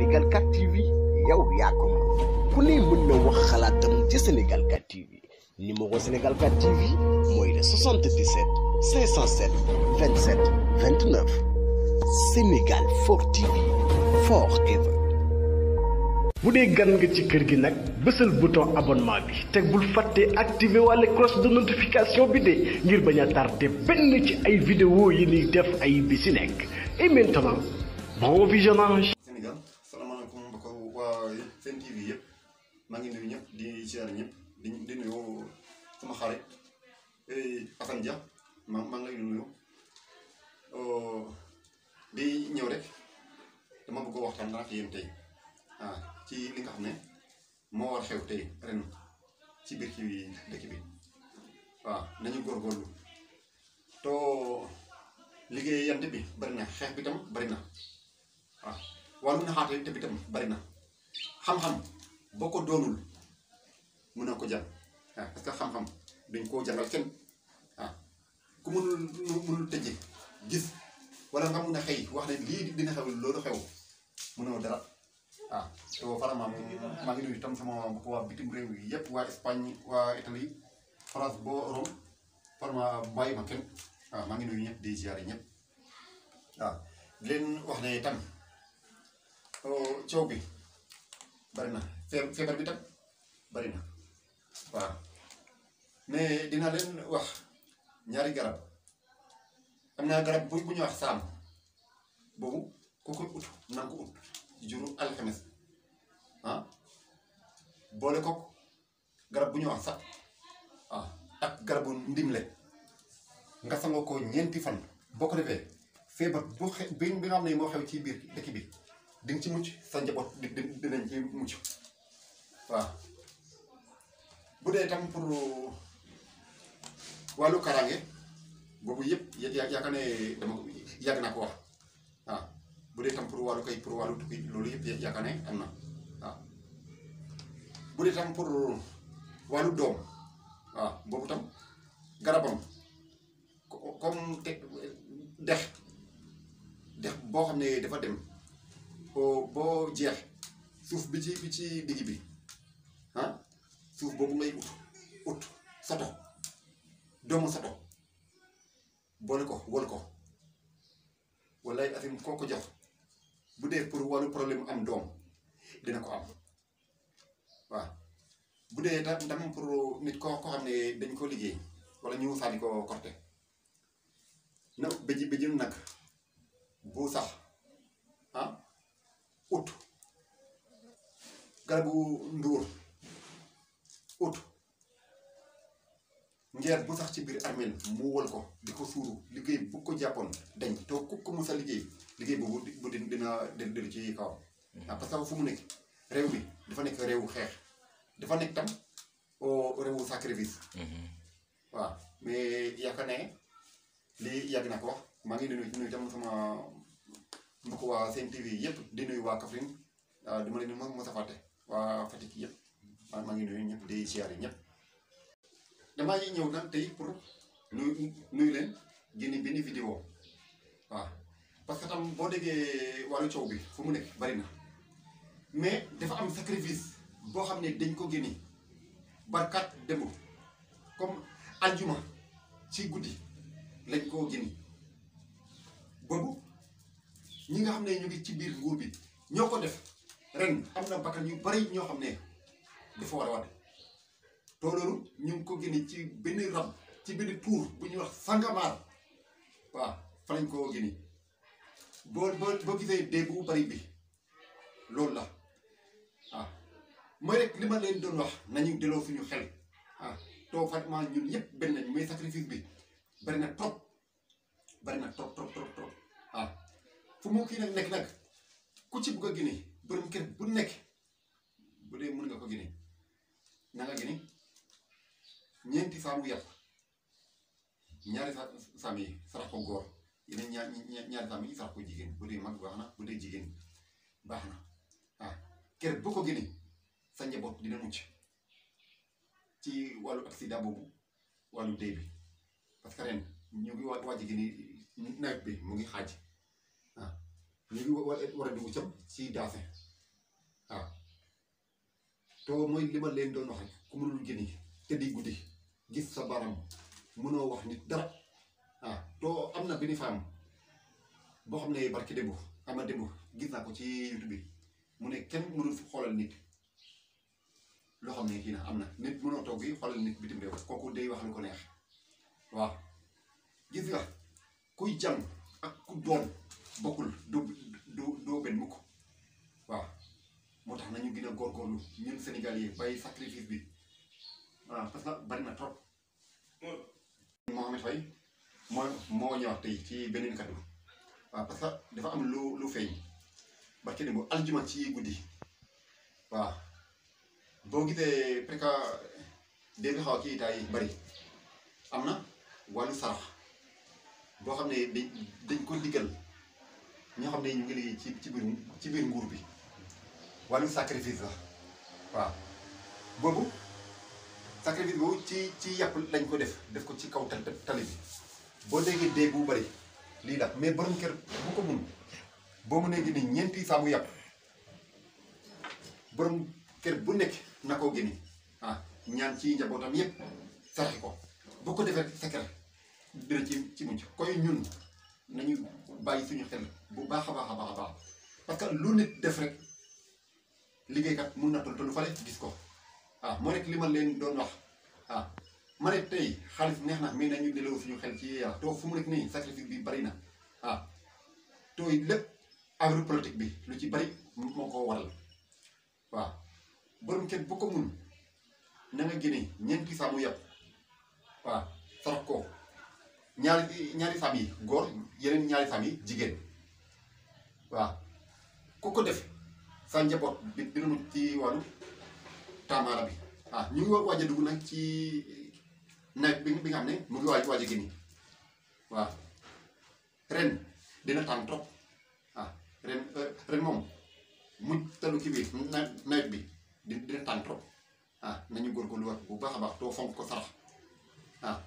Sénégal 4 TV yow ya ko moom ku ne mën na wax xalaatam ci Sénégal 4 TV numéro Sénégal 4 TV moy le 77 507 27 29 Sénégal 4 TV forever. bu dee gan nga ci kër gi nag le bouton abonnement bi té bul faté activer cloche de notification bi dé ngir baña tardé benn ci ay vidéo yi ni def ay bi et maintenant bon visionnage TV yëpp maa ngi nuyu ñëpp di siyaare ñëpp di di nuyu sama xarit eh, Assane Dia maa maa ngi lay nuyu eh, di ñëw rek dama bëgg waxtaan dara te yéen tey ah ci li nga xam ne moo war xew tey ren ci biir ci dëkk bi waaw ah, nañu góorgóorlu to liggéeyante bi bari xeex bi tam bari na waaw ah, wàllu bi tam bari na. xam-xam boo ko doonul mun na ko jàng waaw parce que xam-xam duñ koo jàngal kenn waaw ku mënul mënul tëjee gis wala nga mun a xëy wax ne lii dina xew loolu xew mënoo dara waaw te waa bitim réew yi yëpp waa maa ngi nuyu ñëpp di ziare ñëpp waaw leen wax ne tam oh, coow bi. bari na feebar bi tam bari na waaw mais dinaa leen wax ñaari garab am naa garab bu bu wax saam boobu ku koy ut na ut juru alxames ah? boole kook garab bu ñu wax sax ah ak garabu ndimle nga sangoo ko ñeenti fan boo ko defee feebar bu xe bi nga xam ne moo xew ci biir dëkk bi di nga ci mucc sa njabot di dinañ ci mucc wa bu dee tam pour wàllu karange yépp yëpp ya, ya, yaakaar né dama yag na ko wax wa bu dee tam pour walu kay pour walu tukki lolu yépp ya, yaakaar ne am na waaw bu dee tam pour walu dom wa bobu tam garabam comme te dex dex boo xam dafa dem boo jeex suuf bi ci bi ci digg bi suuf boobu ngay ut ut soto doomu soto boole ko wol ko wallaay asim koo ko jox bu dee pour wàllu problème am doom dina ko am waaw bu dee tam tam pour nit koo ko xam ne dañ koo liggéey wala ñu sànni ko korte na bëj bëjum nag bu sax ut garabu nduur ut ngeer bu sax ci biir armeel mu wol ko di ko suuru liggéey bu ko jàppoon dañ te ku ko mos a liggéey liggéey boobu bu dina dina dina ci kawam. waaw mhm. parce fu mu nekk réew mi dafa nekk réewu xeex dafa nekk tam oh, réewu sacrifice. Mhm. waaw mais yaakaar ne lii yàgg na ko maa ngi nuyu nuyu tam sama. ñu ko waa seen TV yëpp di nuyu waa Kaffrine du leen mën mos a fàtte waa Fatick yëpp maa maa ngi nuyu ñëpp di siyaare ñëpp. damaa ngi ñëw nag tey pour nuyu nuyu leen génne benn vidéo waaw parce que tam boo déggee wàllu coow bi foo mu nekk bari na mais dafa am sacrifice boo xam ne dañ koo génne barkaat démb comme aljuma ci guddi lañ koo génne boobu. ñi nga xam ne ñu ngi ci biir nguur bi ñoo ko def ren am na bakkan yu bari ñoo xam ne dafa war a wadde te ñu ngi ko génne ci benn rab ci benn tuur bu ñuy wax sangamaar waaw fa lañ ko génne boo boo boo gisee dee bari bi loolu la waaw mooy rek li ma leen doon wax nañu delloo suñu xel ah too Fatima ñun ñëpp benn nañ mooy sacrifice bi bari na trop bari na trop trop trop fu mu kii nag nekk nag ku ci bugg a génne borom kër bu nekk bu dee mën nga ko génne na nga ñeenti faamu yàpp ñaari saam yi sarax ko góor yeneen ñaar ñaari saam yi sarax ko jigéen bu dee mag baax na bu dee jigéen baax na ah, kër boo ko génne sa njaboot dina mucc ci wàllu accident boobu wàllu dee bi parce que ren ñu ngi waaj a génne nawet bi mu ngi xaaj. waaw ah. ñu wa war war a dugg cam ci daafin waaw ah. to mooy li ma leen doon wax ku mënul gën te di guddi gis sa baram mënoo wax nit dara waaw ah. to am na benn faam boo xam ne barki démb ama démb gis naa ko ci YouTube bi mu ne kenn mënul fi xoolal nit loo xam ne kii na am na nit mënoo toog yi xoolal nit bitim réew kooku day wax lu ko neex waaw gis nga kuy jàng ak ku doon bokkul du du doo benn mukk waaw moo tax nañu gën a góorgóorlu ñun sénégalais yi bàyyi sacrifice bi waaw parce que bari na trop Mohamed Faye moo moo ñëwaat tey ci beneen kaddu waaw parce dafa am lu lu feeñ ba ne bu ci guddi waaw boo gisee presque dégg nga kii itaay bari am na wàllu sarax boo xam ne dañ ko diggal ñoo xam ne ñu ngi liggéey ci ci biir ci biir nguur bi wàllu sacrifice la waaw boobu sacrifice boobu ci ci yàpp lañ ko def def ko ci kaw tal tali bi boo déggee dee bu bari lii la mais borom kër bu ko mun boo mu nekk ni ñeenti saamu yàpp borom kër bu nekk na koo génne ah ñaan ci njabootam yëpp saraxi ko boo ko defee sa kër dina ci ci mucc koy ñun nañu bàyyi suñu xel bu baax a baax a parce que lu nit def rek liggéeykat mun na tollu fale gis ko waaw moo nekk li ma leen doon wax waaw ma ne tey xaalis neex na mais nañu delloo suñu xel ci yàlla too fu mu nekk nii sacrifice bi bari na waaw tooy lépp agro politique bi lu ci bari moo ko waral waaw borom kenn bu ko mun na nga génne ñeenti saamu yàpp waaw sarax ko ñaari ñaari saam yi góor yeneen ñaari saam yi jigéen wa ku ko def sa njabot bi dina mucc ci walu tamara bi waaw ñu ngi waaj dug nak ci nak bi nga xamne ne mu ngi waaj waaj gini wa ren dina tan top ren euh, ren mom mu talu ki bi nak bi dina tan top waaw nañu lu wax bu baax a baax doo fonk ko sarax waaw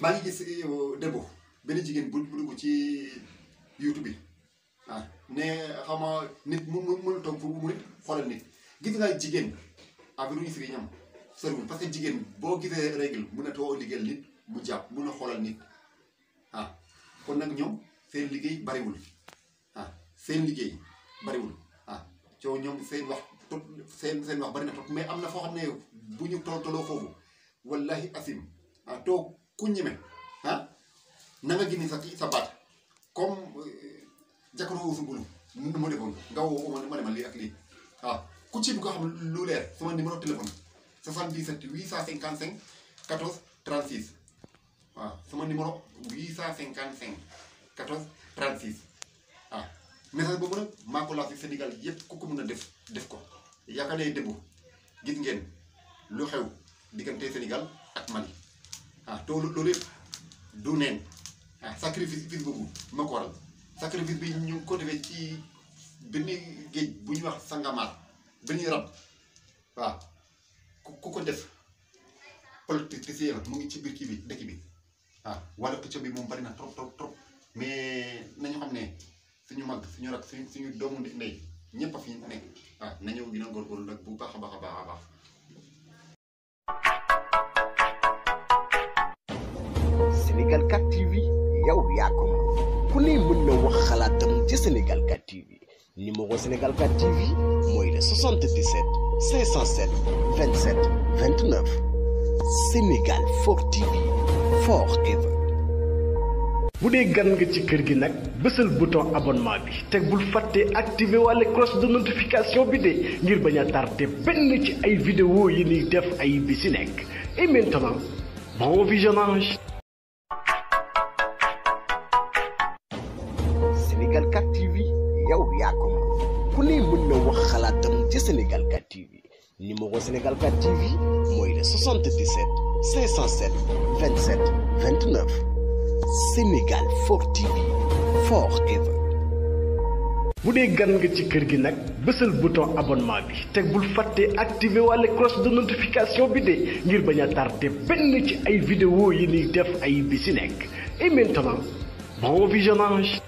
maa ngi gis euh, jigen bu dugg ci youtube ah ne xam nit mu mu mën a toog pour mu nit xoolal nit gis nga jigéen affaire yu si ñam soriwul parce que jigéen boo gisee règle mun na too liggéeyal nit mu jàpp mun a xoolal nit ah. kon nag ñoom seen liggéey bariwul ah seen liggéey bariwul ah coow ñoom seen wax topp seen seen wax bari na topp mais am na foo xam ne bu ñu tol toloo foofu wallahi asim ah, toog ku ñeme ah gis sa sa baat comme. jakkatoo wuufu bunu ma defoon nga woo ko ma ne ma lii ak ku ci bëgg a xam lu leer sama numéro téléphone 77 855 14 36 waaw sama numéro 855 14 36 waaw message boobu nag maa ko laaj Sénégal yëpp ku ko mën def def ko yaakaar gis ngeen lu xew Sénégal ak Mali ah te loolu yëpp du neen ah sacrifice boobu ma waral sacrifice bi ñu ko defé ci bini geej bu ñuy wax sangamal bini rab wa ku ko def politicien la mu ngi ci bir ki bi dekk bi wa wala ci bi moom bari na trop trop trop mais nañu xamné suñu mag suñu rak suñu suñu doomu ndey ñepp fi nekk wa nañu gina gor gor nak bu baax a baax a baax baax. Sénégal 4 mën na wax xalaatam ci Sénégal 4 TV numéro Sénégal 4 TV mooy le 77 507 27 29 Sénégal 4 TV forever. bu dee gan nga ci kër gi nag bésal bouton abonnement bi teg bul fàtte activer walla cloche de notification bi de ngir bañ a tardé benn ci ay vidéo yi ni def ay bi si nekk et maintenant bon visionnage. numéro Sénégal 4 TV 77 507 27 29 Sénégal 4 TV forever. Vous dee gan nga ci kër gi bouton abonnement bi teg activez la cloche de notification bi de ngir tardé ci ay vidéo et maintenant bon visionnage.